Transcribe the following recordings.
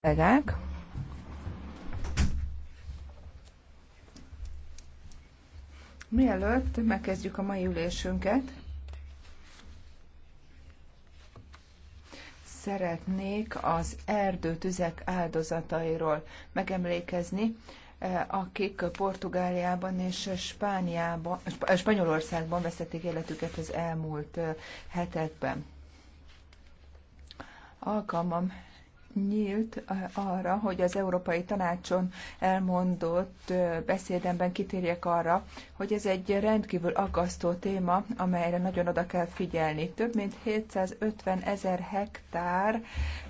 kollégák! Mielőtt megkezdjük a mai ülésünket, szeretnék az erdőtüzek áldozatairól megemlékezni, eh, akik Portugáliában és Spániában, eh, Spanyolországban veszették életüket az elmúlt eh, hetekben. Alkalmam nyílt eh, arra, hogy az Európai Tanácson elmondott eh, beszédemben kitérjek arra, hogy ez egy rendkívül aggasztó téma, amelyre nagyon oda kell figyelni. Több mint 750 ezer hektár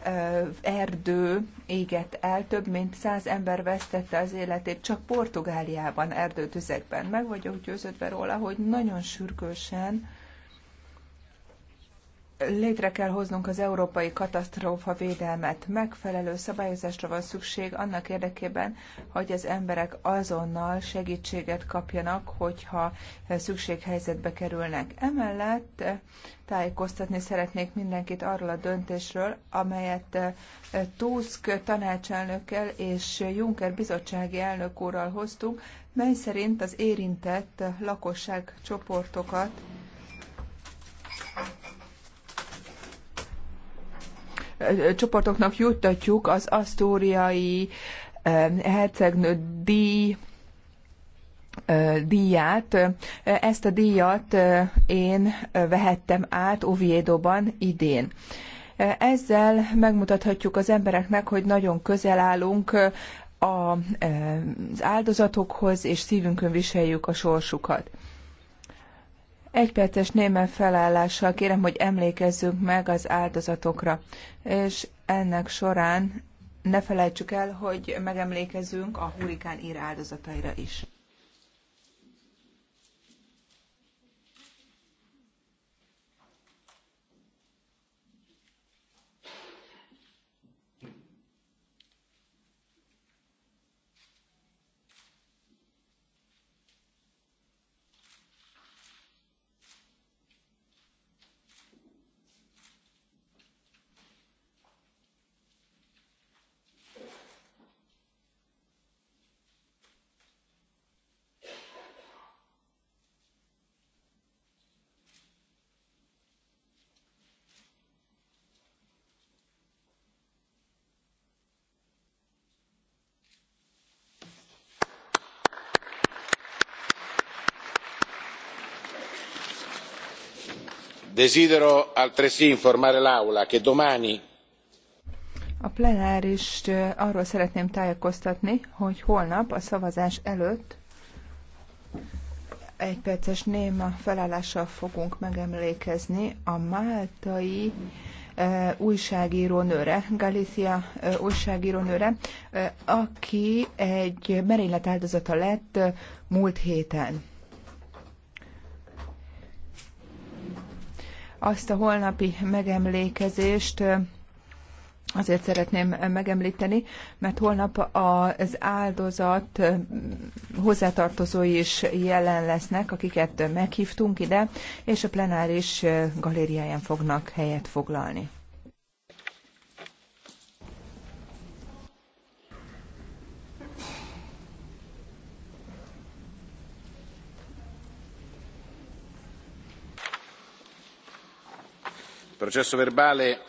eh, erdő égett el, több mint 100 ember vesztette az életét csak Portugáliában erdőtüzekben. Meg vagyok győződve róla, hogy nagyon sürgősen létre kell hoznunk az európai katasztrófa védelmet. Megfelelő szabályozásra van szükség annak érdekében, hogy az emberek azonnal segítséget kapjanak, hogyha szükséghelyzetbe kerülnek. Emellett tájékoztatni szeretnék mindenkit arról a döntésről, amelyet Tusk tanácselnökkel és Juncker bizottsági elnök úrral hoztunk, mely szerint az érintett lakosságcsoportokat csoportoknak juttatjuk az asztóriai hercegnő díj díját. Ezt a díjat én vehettem át Oviedo-ban idén. Ezzel megmutathatjuk az embereknek, hogy nagyon közel állunk az áldozatokhoz, és szívünkön viseljük a sorsukat. Egy perces némen felállással kérem, hogy emlékezzünk meg az áldozatokra, és ennek során ne felejtsük el, hogy megemlékezünk a hurikán ír áldozataira is. desidero altresì informare l'aula che domani a plenárist arról szeretném tájékoztatni, hogy holnap a szavazás előtt egy perces néma felállással fogunk megemlékezni a máltai e, újságírónőre, Galicia e, újságírónőre, e, aki egy merénylet áldozata lett múlt héten. Azt a holnapi megemlékezést azért szeretném megemlíteni, mert holnap az áldozat hozzátartozói is jelen lesznek, akiket meghívtunk ide, és a plenáris galériáján fognak helyet foglalni. processo verbale